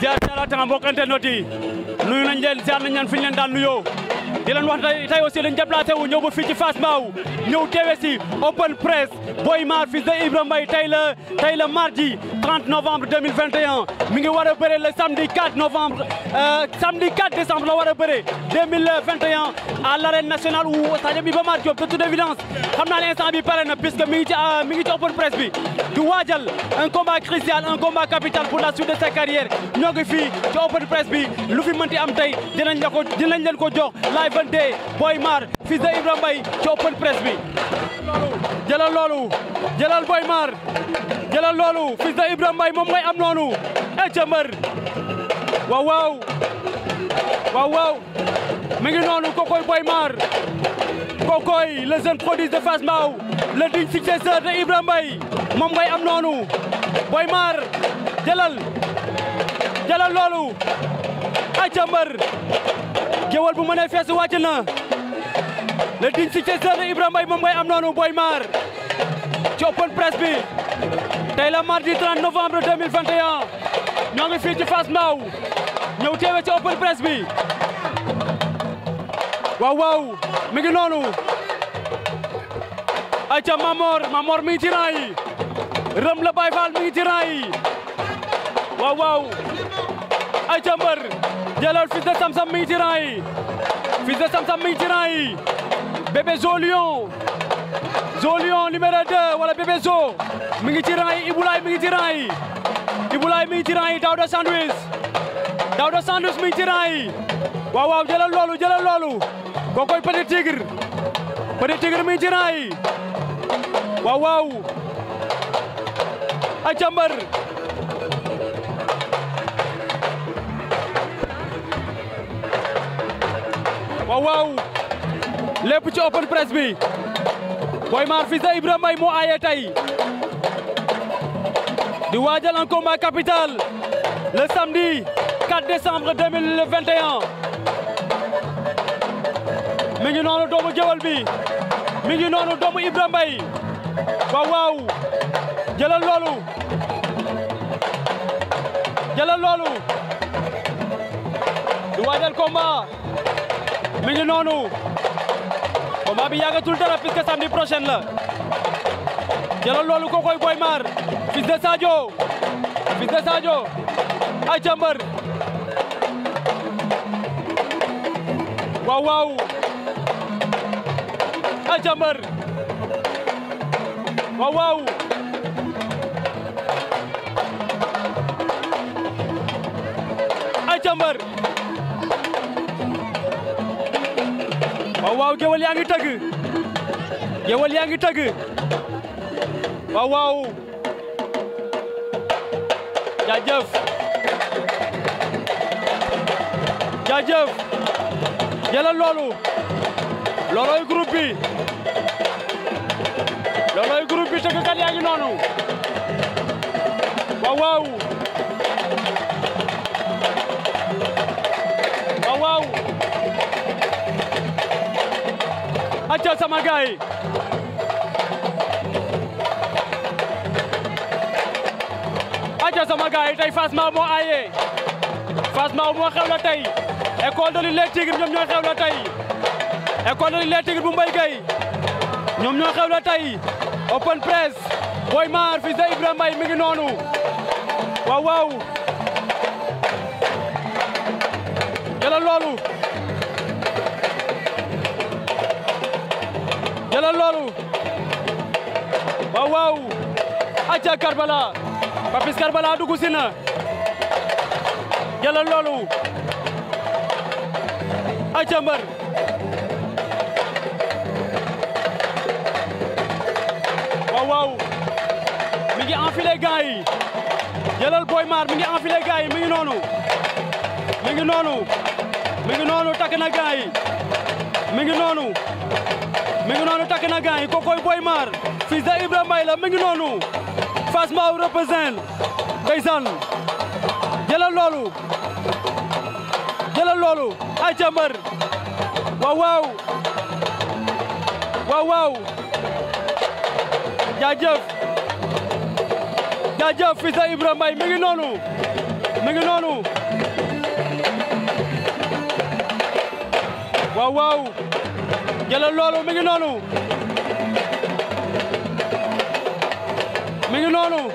ziar ziaraat nga mbokk internet yi nuyu nañ leen ziar nañ leen fi ñu leen daan nuyoo di wax tey aussi dañu déplacé wu ñëw ba fii ci face baaw ñëw open press Boy mar fils de Ibra Mbaye Taylor la tay la mardi 30 novembre 2021 mi ngi war bëre le samedi 4 novembre euh, samedi 4 décembre la war bëre 2021 à l'arène nationale ou Sadio Iba Mar Diop de toute évidence xam naa l'instant bi pare na puisque mi ngi ci euh, mi ngi ci open press bi Du waajal un combat crucial un combat capital pour la suite de sa carrière ñoo ngi fii ci open press bi lu fi mënti am tey dinañ la ko dinañ leen ko jox Abdoulaye Bante Boy Maar fils de Ibrahima Mbaye ci open press bi loolu jëlal Boy Maar jëlal loolu fils de Ibrahima Mbaye moom ngay am noonu e ca mbër waaw ngi noonu kokoy Boy Maar kokoy le jeune prodige de Fass Mbao le digne successeur de Ibrahima Mbaye moom ngay am noonu Boy Maar jëlal jëlal loolu a géwal bu mënee fees wàcc na le digne successeur de Ibra Mbaye moom ngay am noonu Boy Maar ci open press tey la mardi 30 novembre 2021 ñoo ngi fii ci Fass Mbao ñëw teewe ci open press bi mi ngi noonu aca Mamor Mamor mi ci rang yi Rëm la Baye Fall mi ci rang yi waaw waaw aca mbër jëlal fils de Samsam mi ngi ci Samsam mi ngi ci rang yi bébé Zo Lion Zo Lion numéro 2 wala bébé Zo mi ngi ci rang yi Ibulaay mi ngi ci rang yi Ibulaay mi ngi ci rang yi Daouda Sandwich Daouda Sandwich mi ngi waaw waaw lépp ci open press bi Boy Maar fils de Ibra Mbaye moo aaye tey di waajal un combat capital le samedi 4 décembre 2021 mi ngi doomu géwal bi mi ngi doomu Ibra Mbaye waaw loolu jëlal loolu di waajal combat mi ngi noonu combat bi yàggatul dara puisque samedi prochain la jëlal loolu ko koy Boy Maar fils de Sadio fils de ay jàmbar waaw ay jàmbar waaw ay jàmbar waaw waaw yaa ngi tëgg géwal yaa ngi tëgg waaw waaw jaajëf jaajëf loolu looloy groupe bi looloy groupe bi noonu waaw xëccal sama gaay aca sama gaay tey Fass Mbaw moo aaye Fass Mbaw moo xew la tey école de lutte les Tigres ñoom ñoo xew la tey école de lutte les Tigres bu Mbaye Gueye ñoom ñoo xew la tey open press Boy Maar fils de Ibrahima Mbaye mi ngi noonu waaw waaw jëlal loolu جلال لالو واو aca Karbala Papis Karbala dugg si na jëlal loolu aca mbër waaw waaw mi ngi enfilé gars yi jëlal Boy Maar mi ngi enfilé gars yi mi ngi noonu mi ngi noonu mi ngi noonu takk na gars yi mi ngi noonu mi ngi na gaañ yi kookoy Boy Maar la mi ngi noonu Fass Mbaw représente loolu jëlal loolu ay jàmbar waaw waaw waaw waaw jaajëf jaajëf fils de Ibra jëlal loolu mi ngi noonu mi ngi noonu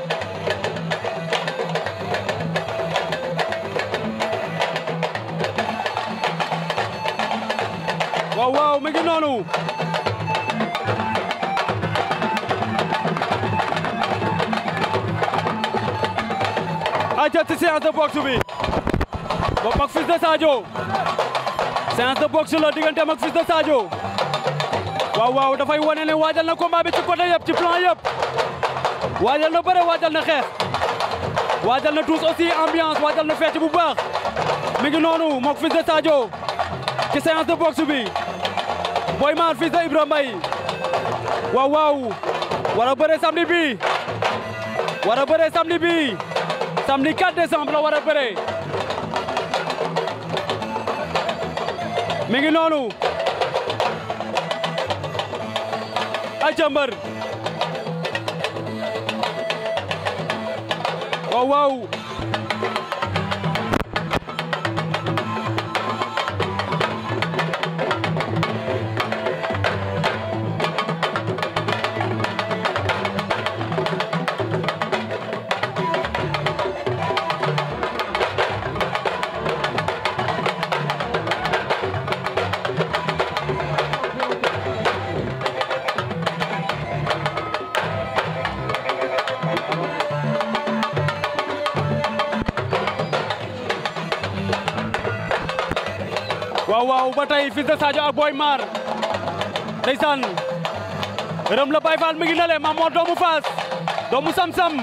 waaw waaw mi ngi bi ba mag Fils de Sadio la diggante mag Fils waaw waaw dafay wane ne waajal na combat bi ci côté yëpp ci plan yëpp waajal na bëre waajal na xeex waajal na tous aussi ambiance waajal na fecc bu baax mi ngi noonu mook fils de Sadio ci de boxe bi Boy Maar fils de Ibra Mbaye waaw waaw a bëre samedi bi war a bëre samedi bi samedi 4 décembre la war a bëre mi ngi noonu aca mbër waaw waaw waaw ba tey Fils de Sadio ak Boy Maar ndeysaan Reum la Baye Fall mi ngi nale Mame Mor doomu Fass doomu Sam Sam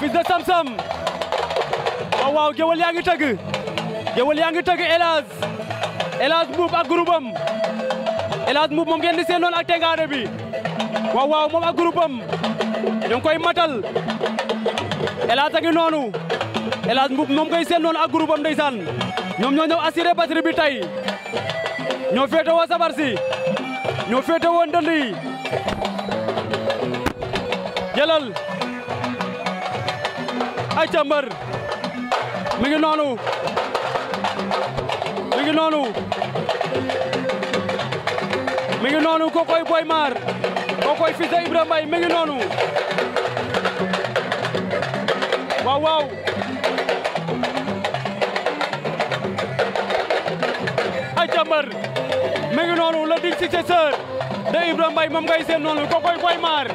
Fils de Sam Sam waaw waaw yaa ngi tëgg géwël yaa ngi tëgg Elaz Elaz Mbuub ak groupe am Elaz Mbuub moom ngeen seen noon ak tengaade bi waaw waaw moom ak groupe am koy matal Elaz a ngi noonu Elaz Mbuub moom koy seen noon ak groupe am ndeysaan ñoom ñoo ñëw assuré batterie bi tey ñoo féete woo sabar si ñoo féete woo ndënd yi jëlal ay càmbar ngi noonu mi ngi noonu mi noonu kokoy Boy kokoy fils de Ibra noonu waaw waaw ay mi ngi noonu le digne successeur de Ibrahima Mbaye moom ngay seen noonu ko koy Boy Maar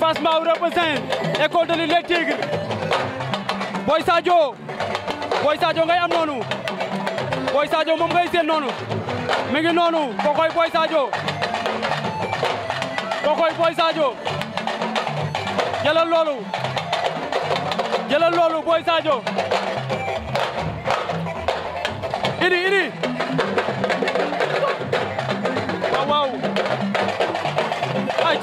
Fass Mbaw représente école de l'île les Tigres Boy Sadio Boy Sadio am noonu Boy Sadio moom ngay seen noonu mi noonu ko koy Boy Sadio ko koy Boy loolu jëlal loolu Boy Sadio idi idi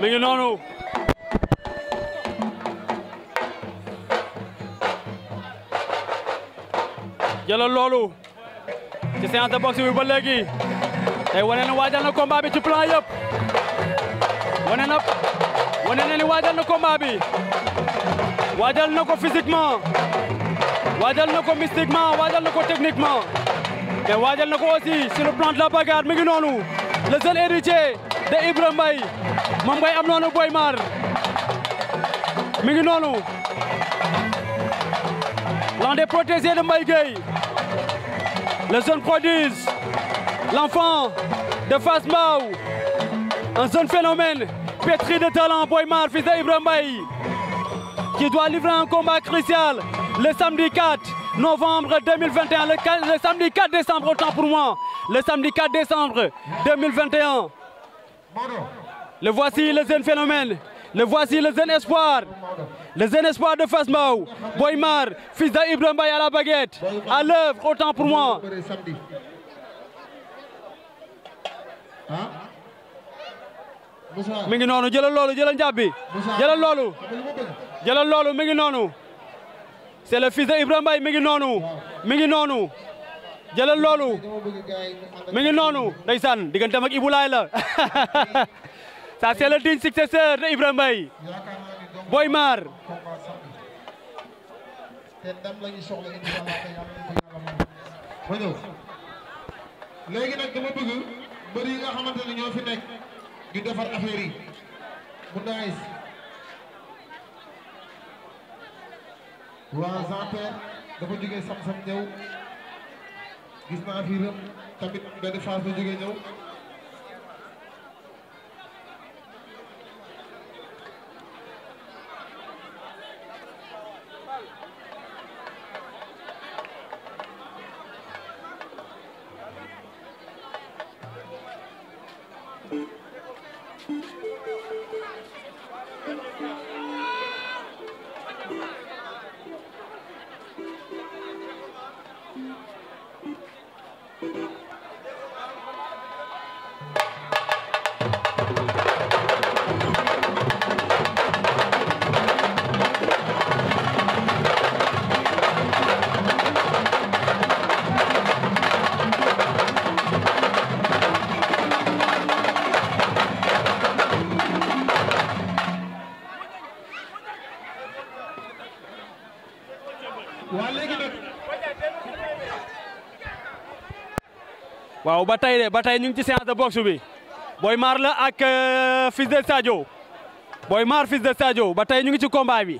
mi ngi noonu jëlal loolu ci séance de boxe bi tey wane na waajal na combat ci plan yëpp wane na wane na ni waajal na combat waajal na ko physiquement waajal na ko mystiquement waajal na ko techniquement mais waajal na ko aussi sur le la bagarre mi noonu le seul de Ibrahima Mbaye Mambaye Amnon am noonu Boy l'un des protégés de Mbaye le jeune prodige l'enfant de Fasmau, un jeune phénomène pétri de talent Boymar, Maar fils qui doit livrer un combat crucial le samedi 4 novembre 2021 le, le samedi 4 décembre autant pour moi le samedi 4 décembre 2021 le voici le jeune phénomène. Le voici le jeune espoir. Le jeune espoir de Fasmao. Boymar, fils d'Ibrahim à la baguette. À l'œuvre, autant pour moi. Hein? mi ngi noonu jëlal lolu, jëlal njàbbi jëlal lolu, jëlal c'est le fils d'Ibrahim, Ibrahima Mbaye mi ngi noonu mi ngi noonu jëlal loolu ak la ça c'est le digne successeur de Ibrahima Mbaye Boy Maar léegi nag dama bëgg mbër yi nga xamante ne ñoo fi nekk ñu defar affaire yi mu naagis waa Jean-Pierre dafa jógee sam ñëw gis naa fi rëm tamit benn phase ba jógee ñëw waaw ba tey de ba tey ñu ngi ci séance de bi Boy mar la ak euh, Fils de Sadio Boy Maar Fils de Sadio ba tey ñu ngi ci combat bi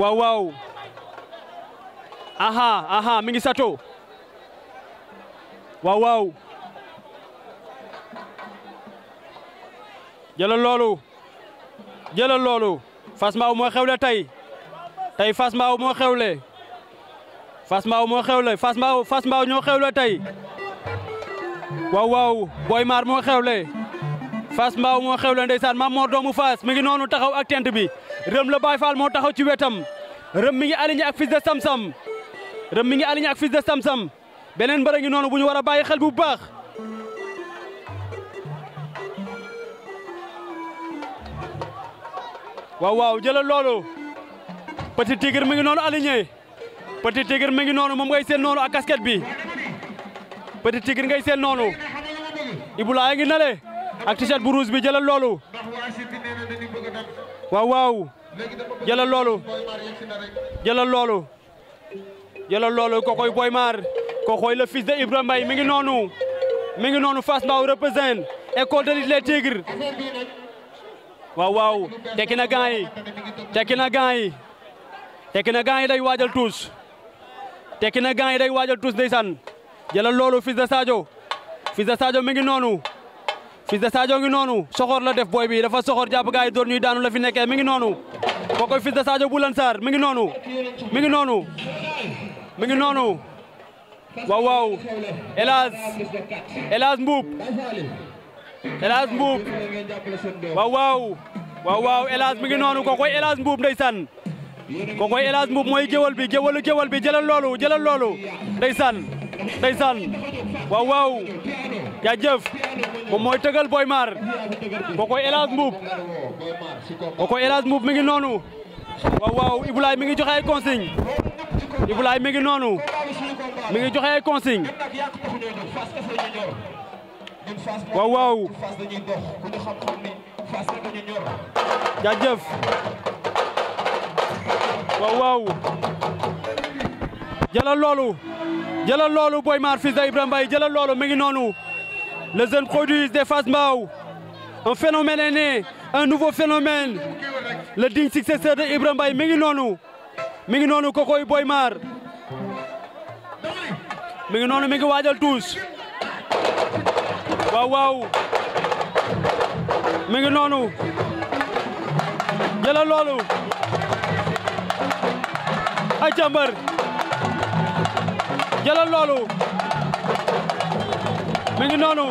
waaw waaw aha aha mi ngi sato waaw waaw jëlal loolu jëlal loolu Fass Mbaw moo xewle tey tey Fass Mbaw moo xewle Fass Mbaw moo xewle Fass Mbaw Fass Mbaw ñoo xewle tey waaw waaw Boy Maar moo xewle fas Mbao moo xewle ndeysaan Mam Mor doomu Fass mi ngi noonu taxaw ak tent bi rëm la Baye Fall moo taxaw ci wetam Reum mi ngi aligné ak Fils de Sam Sam Reum mi ngi aligné ak Fils de Sam Sam beneen mbër a noonu bu ñu war a bàyyi xel bu baax waaw waaw jëlal loolu Petit Tigre mi ngi noonu aligné Petit Tigre mi ngi noonu moom ngay seen noonu ak casquette bi Petit Tigre ngay seen noonu Ibou Laye ngi nale ak t-shirt bu rouge bi jëlal loolu waaw waaw jëlal loolu jëlal loolu jëlal loolu kokoy Boy Maar de Ibrahima Mbaye mi ngi noonu mi ngi noonu fas Mbaw représente école de lutte les Tigres waaw waaw tekki na gants yi tekki na gants yi tekki na gants yi day waajal tuus tekki na gants yi day waajal tuus ndeysaan jëlal loolu Fils de Sadio Fils de Sadio mi ngi noonu Fils de ngi noonu soxor la def booy bi dafa soxor jàpp gaay yi door daanu la fi nekkee mi ngi noonu kookoy Fils de Sadio bu Lansar mi ngi noonu mi ngi noonu mi ngi noonu waaw waaw Elhadj Elhadj Mboup Elhadj Mboup waaw waaw waaw waaw Elhadj mi ngi noonu kookoy Elhadj Mboup ndeysaan kookoy Elhadj Mboup mooy géwal bi géwalu géwal bi jëlal loolu jëlal loolu ndeysaan ndeysaan waaw waaw jaajëf moom mooy tëgal Boy Maar kookoy El Hadj Mbuub kookoy El Hadj Mbuub mi ngi noonu waaw waaw Ibulaay mi ngi joxe ay consigne Ibulaay mi ngi noonu mi ngi joxe ay consigne waaw jaajëf waaw waaw jëlal loolu Boy Maar fils jëlal loolu mi ngi noonu le jeune produit des Fass Mbao un phénomène est né un nouveau phénomène le digne successeur de mi ngi noonu ngi noonu kokoy Boy Maar mi ngi noonu tuus waaw waaw mi jëlal loolu ay jàmbar jëlal loolu mi ngi noonu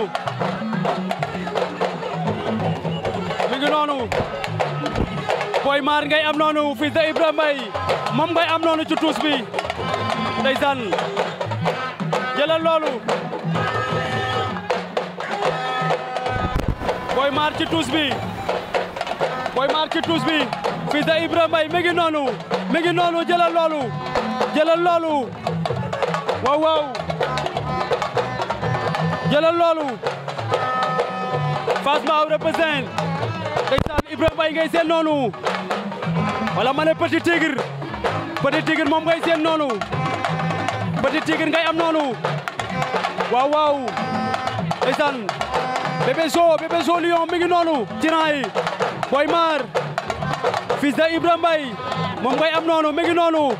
mi ngi noonu Boy Maar ngay am noonu Fils de Ibrahima moom ngay am noonu ci tuus bi ndeysaan jëlal loolu Boy Maar ci tuus bi Boy Maar ci tuus bi Fils de Ibrahima mi ngi noonu mi ngi noonu jëlal loolu jëlal loolu waaw waaw jëlal loolu Fass Mbaw représente ndeysaan Ibrahima Mbaye ngay seen noonu wala ma ne petit tigre petit tigre moom ngay seen noonu petit tigre ngay am noonu waaw waaw ndeysaan bébé so bébé so mi ngi noonu jiran yi boy maar fils de Ibrahima moom ngay am noonu mi ngi noonu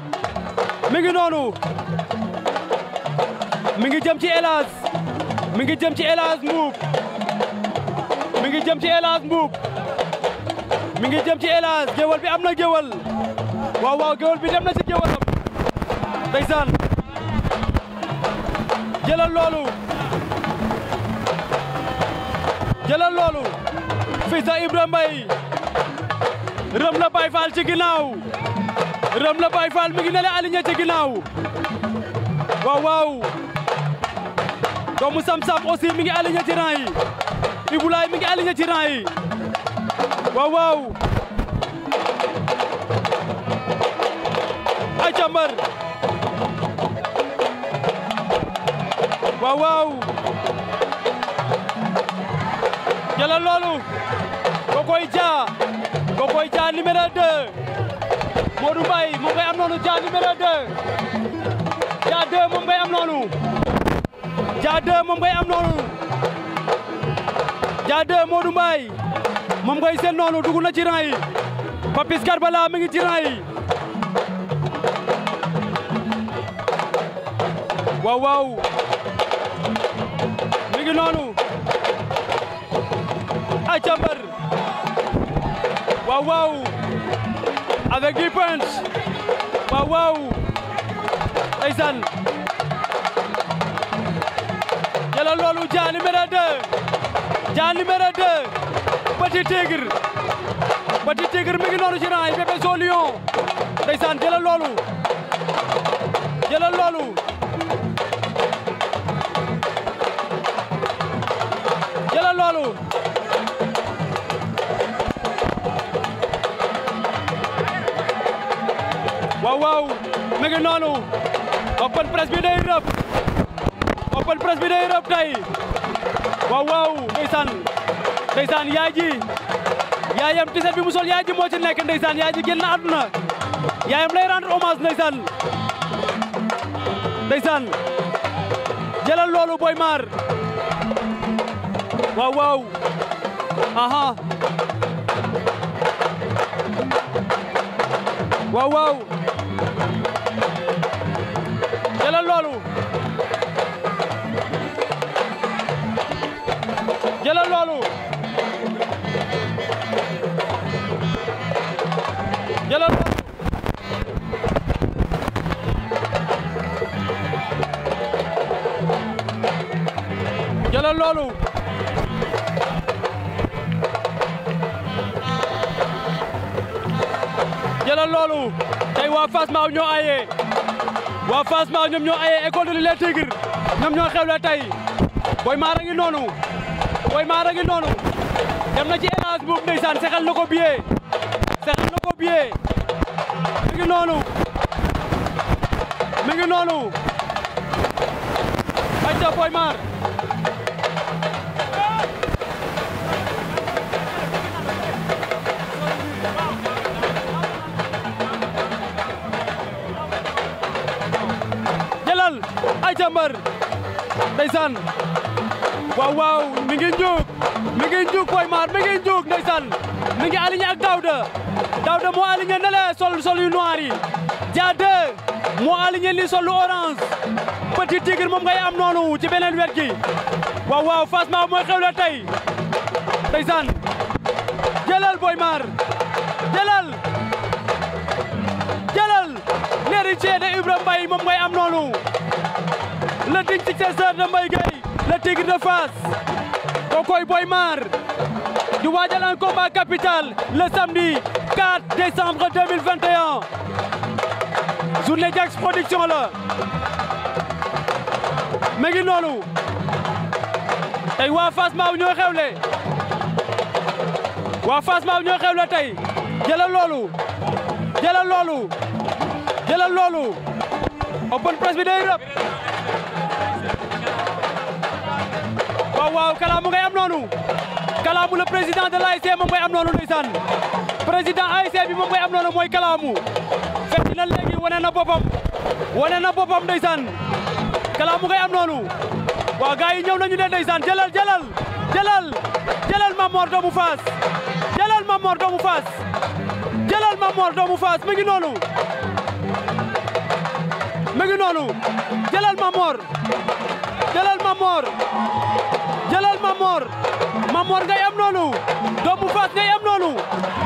mi ngi noonu mi ngi jëm ci Elaj mi ngi jëm ci Elaj Mbuub mi ngi jëm ci Elaj Mbuub mi ngi jëm ci Elaj géwal bi am na géwal waaw waaw bi dem na ci géwalam ndeysaan jëlal loolu jëlal loolu fii sa rëm la Baye Fall ci ginaaw rëm la Baye Fall mi ngi ne la aligné ci ginnaaw waaw doomu Sam Sam mi ngi aligné ci yi Ibou mi ngi aligné ci yi waaw ay càmbar waaw waaw jëlal loolu Kokoy Dia Kokoy Dia numéro 2 Modou Mbaye am noonu Dia numéro 2 Dia 2 moom ngay am noonu Dia 2 moom ngay am noonu Dia 2 Modou Mbaye moom ngay seen noonu dugg na ci rang yi mi ngi ci rang mi ngi noonu ay càmbar waaw waaw avec du punch waaw waaw xoolal loolu Dia numéro 2 Dia numéro noonu ci rang yi Bébé Soo Lion loolu jëlal loolu jëlal loolu waaw waaw noonu open press bi day open press bi day rëb tey waaw waaw ndeysaan ndeysaan yaay yaayam tiset bi mu sol moo ci nekk ndeysaan yaay ji génn àdduna yaayam lay rendre hommage ndeysaan ndeysaan jëlal loolu boy maar waaw waaw aha waaw jëlal loolu jëlal loolu jëlal loolu jëlal loolu tey waa ñoo ayee waa Fass Mbao ñoo ayee école de les Tigres ñoom ñoo xewle tey Boy Mara noonu Boy Maar a ngi noonu dem na ci élance boobu ndeysaan sexal na ko biyee na ko mi ngi noonu mi ngi noonu acca Boy Maar jëlal ay jàmbar ndeysaan waaw waaw mi ngi njuug mi ngi njuug Boy mi ngi njuug ndeysaan mi ngi aligné ak Daouda Daouda moo aligné ne le sol sol yu noir yi Dia 2 moo aligné li sol lu orange Petit Tigre moom ngay am noonu ci beneen wet gi waaw waaw Fass Mbaw mooy xewle tey ndeysaan jëlal Boy Maar jëlal jëlal l'héritier de Ibrahima Mbaye moom ngay am noonu le digne successeur de Mbaye Gueye Tigre de face, Kokoy Boymar. du di waajal un combat capital le samedi 4 décembre 2021 journée Jax production là, ma Nolou. Et Wafas ma Fass Mbao ñoo xewle waa Fass Mbao ñoo xewle tey jëlal loolu jëlal open press bi day waaw waaw kala mu ngay am noonu kalaamu le président de l'ASC moom mooy am noonu ndeysaan président ASC bi moom mooy am noonu mooy kalaamu fekk na léegi wane na boppam wane na boppam ndeysaan kalaamu ngay am noonu waaw gars yi ñëw nañu ne ndeysaan jëlal jëlal jëlal jëlal Mamor doomu Faas jëlal Mamor doomu Faas jëlal Mamor doomu Faas mi ngi noonu mi ngi noonu jëlal Mamor jëlal Mamor Mor ngay am noonu doomu Fass ngay am noonu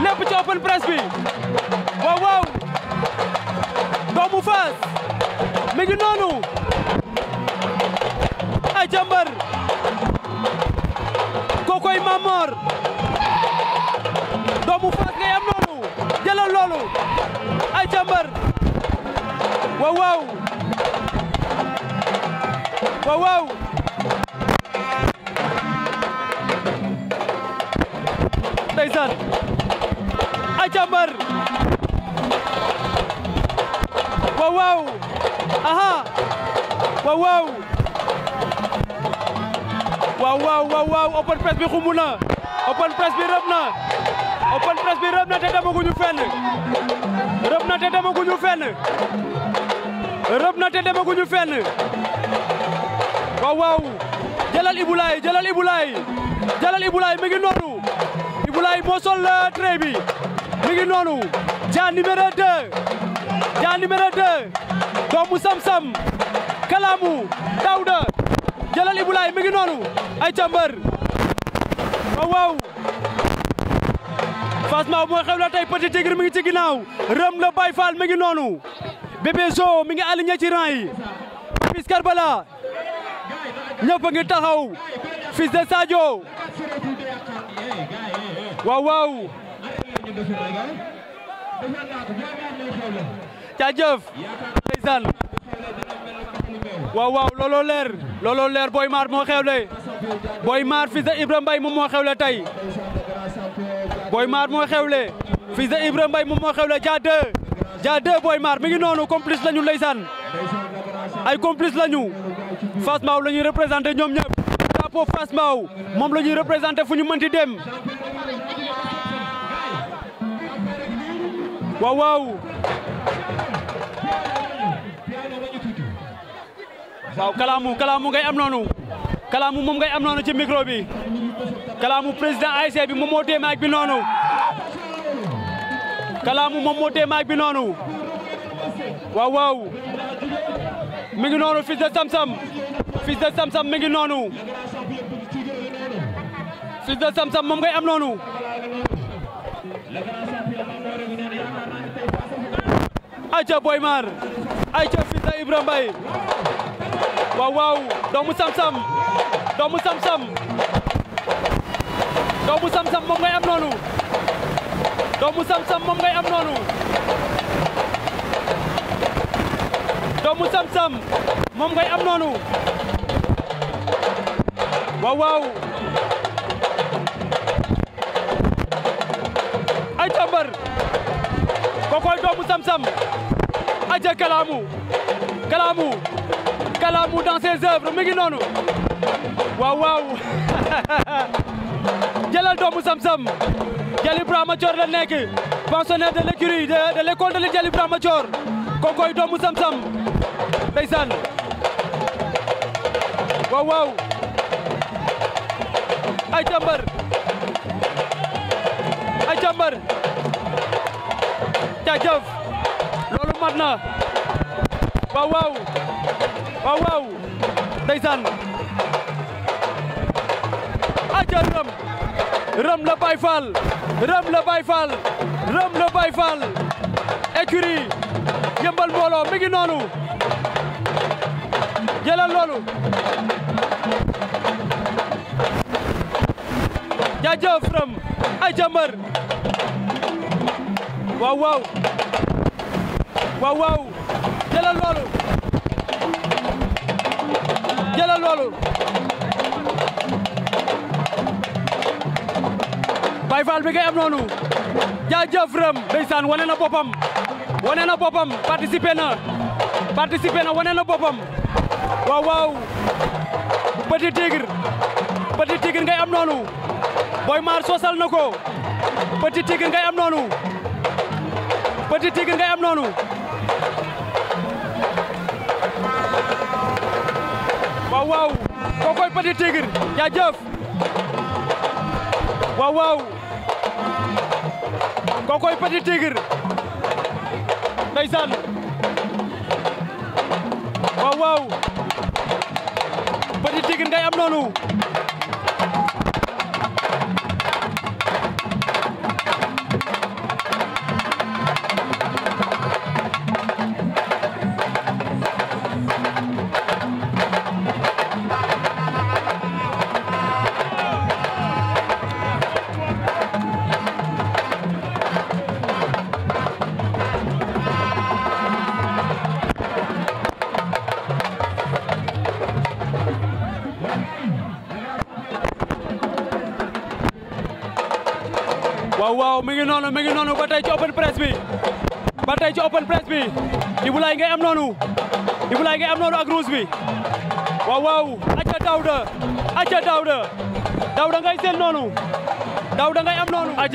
lépp ci open press bi waaw waaw doomu Fass mi ngi noonu ay jàmbar kookoy Mame Mor doomu Fass ngay am noonu jëlal loolu ay jàmbar waaw waaw waaw waaw ndeysaan a càmbar waaw waaw aha waaw waaw waaw waaw waaw open press bi xumb na open press bi rëb na open press bi rëb na te demaguñu fenn rëb na te demaguñu fenn rëb na te demaguñu fenn waaw waaw jalal ibulaay jalal ibulaay jalal ibulaay mi ngi noonu Abdoulaye moo sol trait mi ngi noonu Dia numéro 2 Dia numéro 2 doomu Sam-Sam kalaamu Daouda Ibulaay mi ngi noonu ay càmbar waaw waaw Fass Mbaw mooy xewla tey Petit Tigre mi ngi ci ginnaaw Rëm la Baye Fall mi ngi noonu Bébé Zo mi ngi aligné ci rang yi Fils Karbala ñëpp taxaw Fils de Sadio waaw waaw jaajëf ndeysaan waaw looloo leer looloo leer Boy Maar moo xewle Boy Maar Fils de Ibra Mbaye moom moo xewle tey Boy Maar moo xewle Fils de Ibra Mbaye moom moo xewle Dia 2 Dia 2 Boy Maar ngi noonu complice lañu ndeysaan ay complice lañu Fass Mbaw la ñuy représenté ñoom ñëpp drapeau Fass moom la ñuy représenté fu ñu mënti dem waaw waaw waaw kalaamu kalaamu ngay am noonu kalaamu moom ngay am noonu ci micro bi kalaamu président ASC e bi moom moo téye maag bi noonu kalaamu moom moo téye maag noonu waaw mi ngi noonu fils de Samsam fils de Samsam mi ngi noonu fils de Samsam moom ngay am noonu ayca Boy Maar ayca fils de Ibra Mbaye waaw doomu sam-sam doomu sam-sam moom ngay am noonu doomu sam-sam moom ngay am noonu doomu sam-sam moom ngay am noonu waaw Zamzam. aja Kalamu Kalamu Kalamu dans ses œuvres mi noonu waaw waaw jëlal doomu Zamzam Jali Ibrahima Dior la nekk pensionnaire de l'écurie de l'école de Jali Ibrahima Dior kookoy doomu Zamzam ndeysaan waaw waaw ay jàmbar ay jàmbar jaajëf loolu mat na waaw waaw waaw waaw ndeysaan aca rëm rëm la Baye Fall rëm la Baye Fall rëm la Baye mi ngi noonu jëlal loolu jaajëf rëm ay jambër waaw waaw waaw waaw jëlal loolu jëlal loolu Baye bi ngay am noonu jaajëf rëm ndeysaan wane na boppam wane na boppam participé na participé na wane na boppam ngay am noonu boy maar sosal na ko petit tigre am noonu petit tigre am noonu waaw waaw kookoy Petit Tigre jaajëf waaw waaw kookoy Petit Tigre ndeysaan waaw waaw Petit Tigre ngay am noonu noonu mi ngi noonu ba tey ci open press bi ba tey ci open press bi Ibou Laye ngay am noonu Ibou Laye ngay am noonu ak Rouge bi waaw waaw acca Daouda acca Daouda ngay seen noonu Daouda ngay am noonu acca